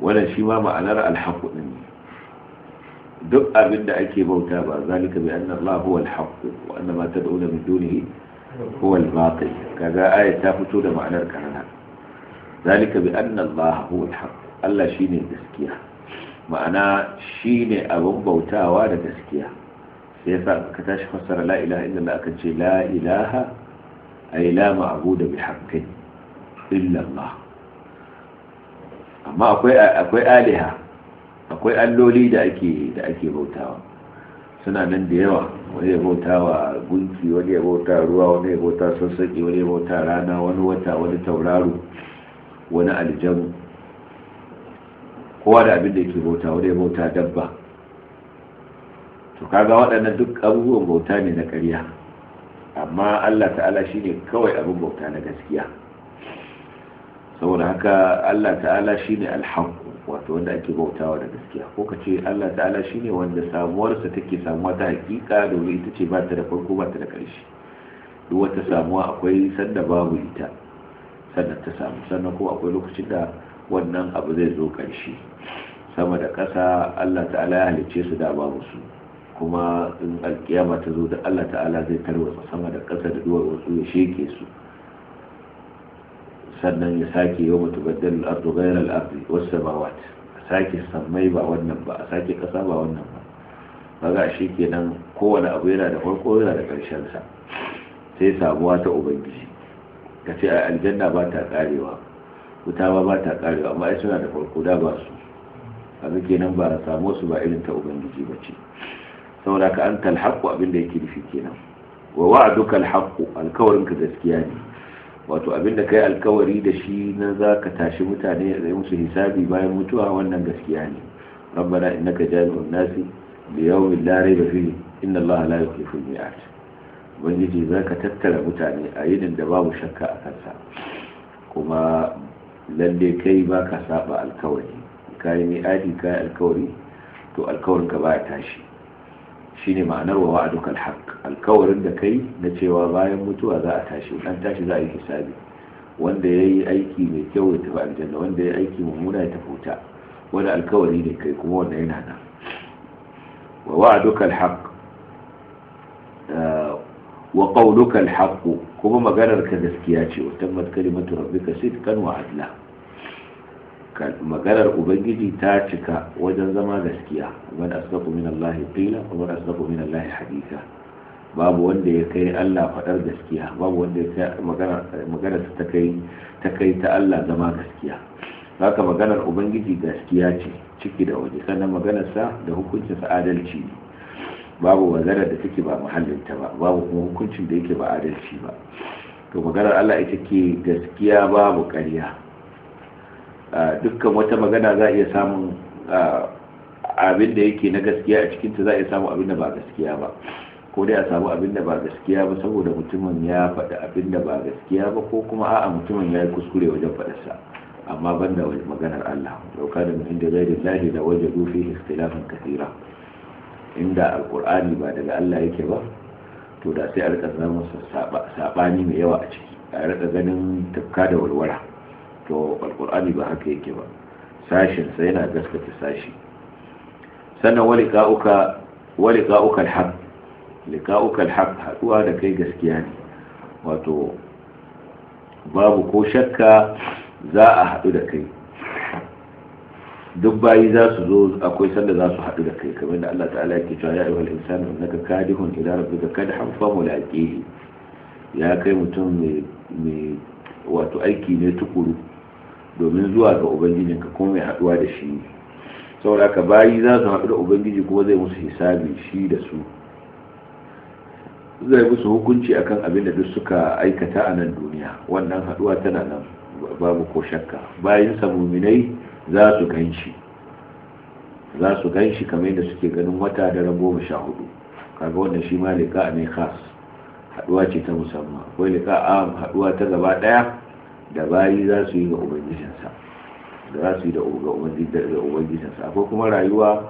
wannan shi ma ma'anar alhaku ɗin ne duk abin da ake bauta ba zalika bi anna Allah huwa alhaku wa anna ma tad'una min dunihi huwa al-batil kaga ayat ta fito da ma'anar karana zalika bi anna Allah huwa alhaq Allah ne gaskiya ma'ana shi ne abin bautawa da gaskiya sai yasa ka tashi fassara la ilaha illallah aka ce la ilaha ay la ma'budu bi haqqin illa Allah amma akwai akwai aliha akwai alloli da ake da ake bautawa suna nan da yawa wani ya bautawa gunki wani ya bauta ruwa wani ya bauta sassaƙi wani ya bauta rana wani wata wani tauraro wani aljanu kowa da abin da yake bauta wani ya bauta dabba to kaga waɗannan duk abubuwan bauta ne na ƙarya amma Allah ta'ala shine kawai abin bauta na gaskiya saboda haka Allah ta'ala shine alhaq wato wanda ake bautawa da gaskiya ko ka ce Allah ta'ala shine wanda samuwarsa take samuwa ta hakika domin ita ce ba ta da farko ba ta da ƙarshe duk wata samuwa akwai sanda babu ita sannan ta samu sannan ko akwai lokacin da wannan abu zai zo ƙarshe sama da ƙasa Allah ta'ala ya halicce su da babu su kuma in alkiyama ta zo da Allah ta'ala zai tarwatsa sama da ƙasa da duwar wasu ya sheke su sannan ya sake yau mutu baddal al'ardu gairar al'ardu wasu samawat a sake sammai ba wannan ba a sake ƙasa ba wannan ba Ba ga shi kenan kowane abu yana da farko yana da ƙarshen sa sai samuwa ta ubangiji ka ce a aljanna ba ta karewa wuta ba ba ta karewa amma ai suna da farko da ba su kaga kenan ba samu su ba irin ta ubangiji ba ce saboda ka an talhaqu abin da yake nufi kenan wa wa'duka alhaqu alkawarin ka gaskiya ne wato abinda kai alkawari da shi na za ka tashi mutane da musu hisabi bayan mutuwa wannan gaskiya ne rabbana innaka jami'un nasi li yawmin la rayba fihi inna allaha la yukhlifu al-mi'ad ubangiji za ka tattara mutane a yinin da babu shakka a kansa kuma lalle kai ba ka saba alkawari kayi mi'adi kayi alkawari to alkawarin ka ya tashi shine ma'anar wa wa'aduka alhaq alkawarin da kai na cewa bayan mutuwa za a tashi an tashi za a yi hisabi wanda ya yi aiki mai kyau ya tafi aljanna wanda ya yi aiki mummuna ya tafi wuta wani alkawari ne kai kuma wanda yana nan wa wa'aduka alhaq eh, wa qawluka alhaq kuma maganar ka gaskiya ce wa tammat kalimatu rabbika sidqan wa adla maganar ubangiji ta cika wajen zama gaskiya man asdaqu min Allah qila wa man asdaqu min Allah babu wanda ya kai Allah fadar gaskiya babu wanda ya magana magana ta kai ta kai ta Allah zama gaskiya haka maganar ubangiji gaskiya ce ciki da waje sannan maganar sa da hukuncin sa adalci ne babu maganar da take ba muhallinta ba babu kuma hukuncin da yake ba adalci ba to maganar Allah ita ke gaskiya babu ƙarya dukkan wata magana za a iya samun abin da yake na gaskiya a cikinta za a iya samun abin da ba gaskiya ba ko dai a samu abin da ba gaskiya ba saboda mutumin ya faɗi abin da ba gaskiya ba ko kuma a'a mutumin ya yi kuskure wajen faɗarsa amma ban da maganar Allah dauka da mutum da zai zai da waje rufe ikhtilafin kasira inda alkur'ani ba daga Allah yake ba to da sai a rika samun sabani mai yawa a ciki a rika ganin tafka da walwala to alkur'ani ba haka yake ba sashin sai yana gaskata sashi sannan wali ka'uka wali ka'uka alhaq liqa'uka alhaq haduwa da kai gaskiya ne wato babu ko shakka za a haɗu da kai duk bayi za su zo akwai sanda za su haɗu da kai kamar da Allah ta'ala yake cewa ya ayyuhal insanu innaka kadihun ila rabbika kadhan fa mulaqihi ya kai mutum mai wato aiki ne tukuru domin zuwa ga Ubangiji, ka kuma mai haduwa da shi saboda ka bayi za su haɗu da ubangiji kuma zai musu hisabi shi da su zai musu hukunci akan abin da duk suka aikata a nan duniya wannan haduwa tana nan babu ko shakka bayan muminai za su gan shi za su gan shi kamar yadda suke ganin wata daren goma sha hudu kaga wannan shi ma liƙa ne khas haduwa ce ta musamman akwai liƙa am haduwa ta gaba daya da bayi za su yi ga ubangijinsa da za su yi ga ubangijinsa akwai kuma rayuwa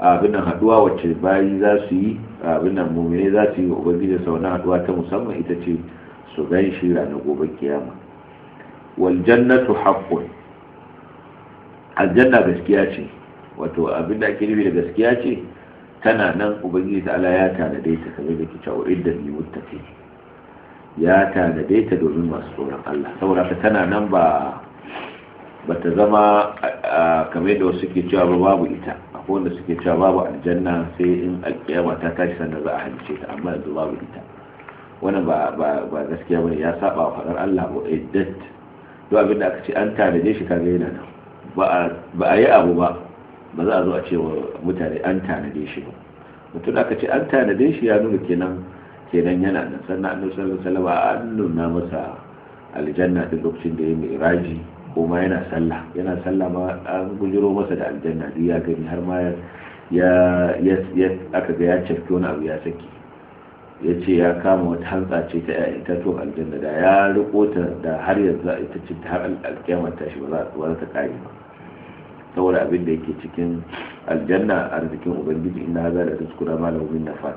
abin nan haduwa wacce bayi za su yi abin nan mummune za su yi ga ubangijinsa wani haduwa ta musamman ita ce su gan shi ranar gobe kiyama wal jannatu haqqun aljanna gaskiya ce wato abin da ake nufi da gaskiya ce tana nan ubangiji ta ala ya tanade ta kamar da ke cewa yi limuttaqin ya tanade ta domin masu tsoron Allah saboda ta tana nan ba ba ta zama kamar da wasu cewa ba babu ita akwai wanda suke cewa babu aljanna sai in alƙiyama ta tashi sannan za a halice ta amma yanzu babu ita wannan ba gaskiya bane ya saba wa faɗar Allah ba iddat duk abin da aka ce an tanade shi kaga yana nan ba a yi abu ba ba za a zo a ce mutane an tanade shi ba mutum aka ce an tanade shi ya nuna kenan kenan yana da sannan annabi sallallahu alaihi wasallam nuna masa aljanna duk lokacin da ya mai raji kuma yana sallah yana sallah ma an gujiro masa da aljanna duk ya gani har ma ya ya aka ga ya cafke wani abu ya saki ya ce ya kama wata hantsa ce ta ya ita to aljanna da ya riko ta da har yanzu a ita ce ta har ta shi ba za ta kare ba saboda abin da yake cikin aljanna arzikin ubangiji inna hadha da duskura malamin min nafat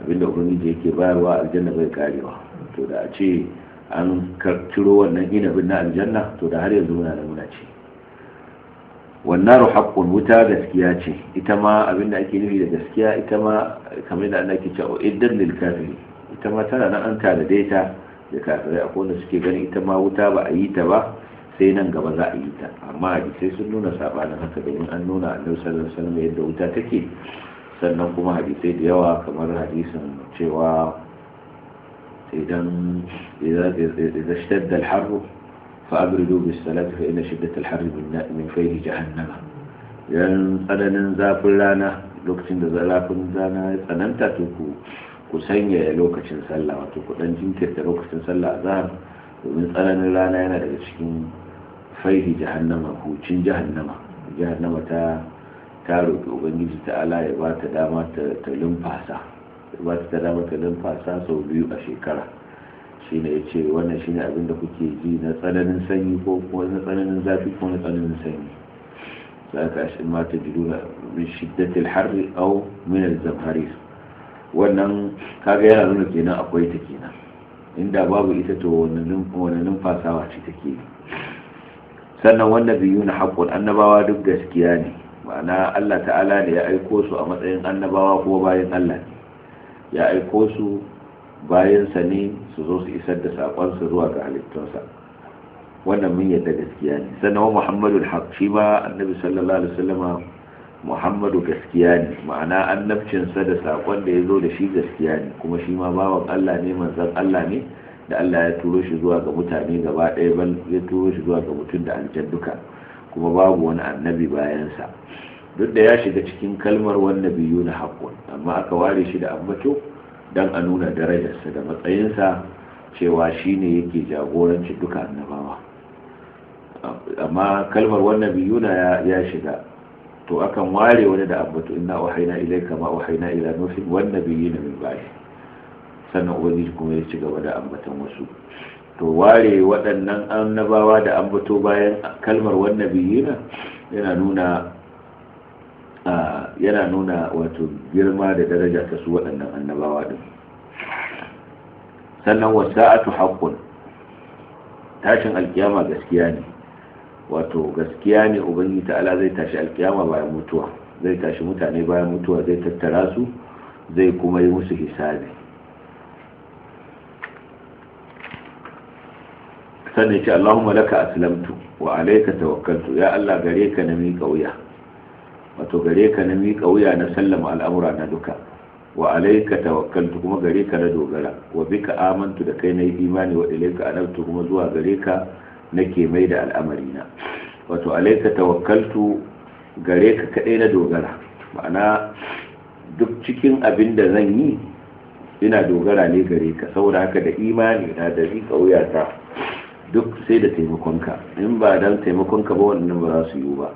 abinda ubangiji yake bayarwa aljanna bai karewa to da a ce an ciro wannan inabin na aljanna to da har yanzu muna da muna ce wannan haƙƙun wuta gaskiya ce ita ma abinda ake nufi da gaskiya ita ma kamar da Allah ke cewa iddan lil kafiri ita ma tana nan an tare da ita da kafirai akwai wanda suke gani ita ma wuta ba a yi ta ba sai nan gaba za a yi ta amma sai sun nuna sabanin haka domin an nuna annabi sallallahu alaihi wasallam yadda wuta take sannan kuma hadisai da yawa kamar hadisin cewa idan idan shidda alharru fa'abridu bis salatu fa inna shiddat alharri min fayhi jahannama idan tsananin zafin rana lokacin da zafin rana ya tsananta to ku ku sanya lokacin sallah wato ku dan jinkirta lokacin sallah a zahar domin tsananin rana yana daga cikin faihi jahannama hucin jahannama jahannama ta ta roƙi ubangiji ala ya ba ta dama ta lumfasa ya ba ta dama ta lumfasa sau biyu a shekara shi ne ya ce wannan shi ne abinda kuke ji na tsananin sanyi ko kuma na tsananin zafi ko na tsananin sanyi za ka shi ma ta jiru na shiddatil harri au min zamhari wannan kaga yana nuna kenan akwai ta kenan inda babu ita to wani numfasawa ce take sannan wannan biyu na haƙƙun annabawa duk gaskiya ne ma'ana Allah ta'ala ne ya aiko su a matsayin annabawa ko bayan Allah ya aiko su sa ne su zo su isar da su zuwa ga halittunsa wannan mun yadda gaskiya ne sannan wa muhammadu haq shi ma annabi sallallahu alaihi wasallam muhammadu gaskiya ne ma'ana sa da sakon da ya zo da shi gaskiya ne kuma shi ma bawan Allah ne manzon Allah ne da Allah ya turo shi zuwa ga mutane gaba ɗaya ya turo shi zuwa ga mutum da aljan kuma babu wani annabi bayansa duk da ya shiga cikin kalmar wannan biyu na haƙƙun amma aka ware shi da ambato don a nuna darajarsa da matsayinsa cewa shi ne yake jagoranci duka annabawa amma kalmar wannan biyu na ya shiga to akan ware wani da ambato inna wahaina ilai kama wahaina ila nufin wannan biyu na min baya, sannan ubangiji kuma ya ci gaba da ambatan wasu to ware waɗannan annabawa da an fito bayan kalmar wannan biyina yana nuna yana nuna wato girma da daraja ta su waɗannan annabawa ɗin sannan wasa'atu haqqun tashin alkiyama gaskiya ne wato gaskiya ne ubangiji ta'ala zai tashi alkiyama bayan mutuwa zai tashi mutane bayan mutuwa zai tattara su zai kuma yi musu hisabi sannan ce Allahumma laka aslamtu wa alayka tawakkaltu ya Allah gare ka na miƙa wuya wato gare ka na miƙa wuya na sallama al'amura na duka wa alayka tawakkaltu kuma gare ka na dogara wa bika amantu da kai na yi imani wa ilayka anabtu kuma zuwa gare ka nake mai da al'amari na wato alayka tawakkaltu gare ka kadai na dogara ma'ana duk cikin abin da zan yi ina dogara ne gare ka saboda haka da imani na da miƙa wuyata duk sai da taimakonka in ba dan taimakonka ba wannan ba za su yiwu ba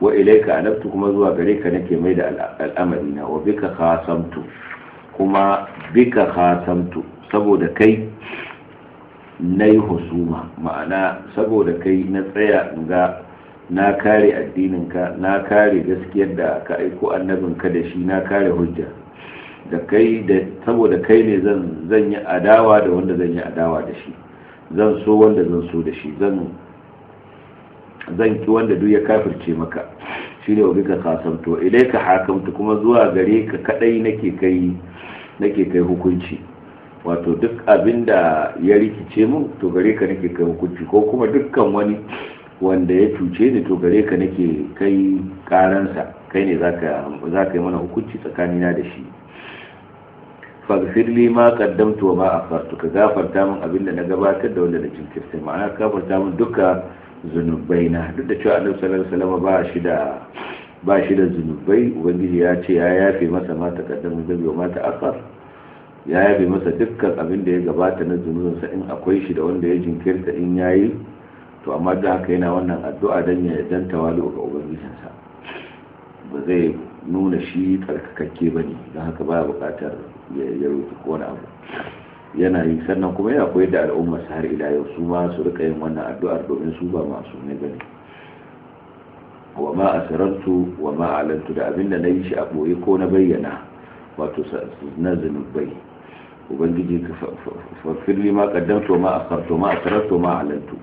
wa ilaika anabtu kuma zuwa gare ka nake mai da al'amari na wa bika khasamtu kuma bika khasamtu saboda kai na yi husuma ma'ana saboda kai na tsaya ga na kare addininka na kare gaskiyar da ka aiko annabinka da shi na kare hujja da kai da saboda kai ne zan yi adawa da wanda zan yi adawa da shi zan so wanda zan so da shi zan ki wanda duk ya kafirce maka shi shine wa kasanto idai ka hakamta kuma zuwa gare ka kadai nake kai hukunci wato duk abin da ya rikice mun to gare ka nake kai hukunci ko kuma dukkan wani wanda ya cuce ni to gare ka nake kai karansa kai ne za ka yi mana hukunci tsakanina da shi faghfir li ma qaddamtu wa ma akhartu ka gafarta min abin da na gabatar da wanda na jinkirta ma'ana gafarta min duka zunubaina duk da cewa annabi sallallahu alaihi wasallam ba shi da ba shi da zunubai ubangiji ya ce ya yafe masa ma ta kaddamu zabi wa ma ta akhar ya yafe masa dukkan abin da ya gabata na zunubinsa in akwai shi da wanda ya jinkirta in yayi to amma da haka yana wannan addu'a dan ya danta wali ga ubangijinsa ba zai nuna shi tsarkakakke ba ne don haka ba buƙatar ya ko wani abu yana yi sannan kuma yana koyar da al'ummar har ila yau su ma su rika yin wannan addu'ar domin su ba masu ne ba ne wa ma asrantu wa ma alantu da abin da yi shi a boye ko na bayyana wato na zunubai ubangiji ka fafirli ma to ma akhartu ma asrantu ma alantu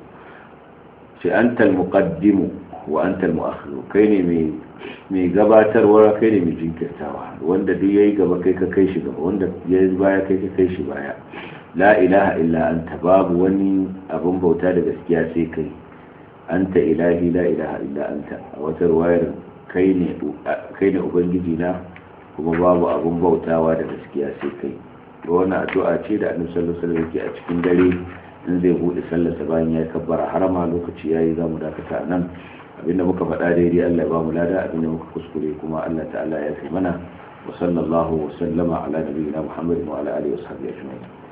shi antal muqaddimu wa antal mu'akhkhiru kai ne mai mai gabatarwa kai ne mai jinkirtawa wanda duk yayi gaba kai ka kai shi gaba wanda yayi baya kai ka kai shi baya la ilaha illa anta babu wani abin bauta da gaskiya sai kai anta ilahi la ilaha illa anta a wata ruwayar kai ne kai ne ubangiji na kuma babu abin bautawa da gaskiya sai kai to wannan addu'a ce da annabi sallallahu alaihi wasallam a cikin dare in zai buɗe sallarsa bayan ya kabbara harama lokaci yayi za mu dakata nan abinda muka faɗa daidai Allah ya ba mu lada abinda muka kuskure kuma Allah ta'ala ya fi mana wa sallallahu wa sallama ala nabiyina Muhammad wa ala alihi wa sahbihi ajma'in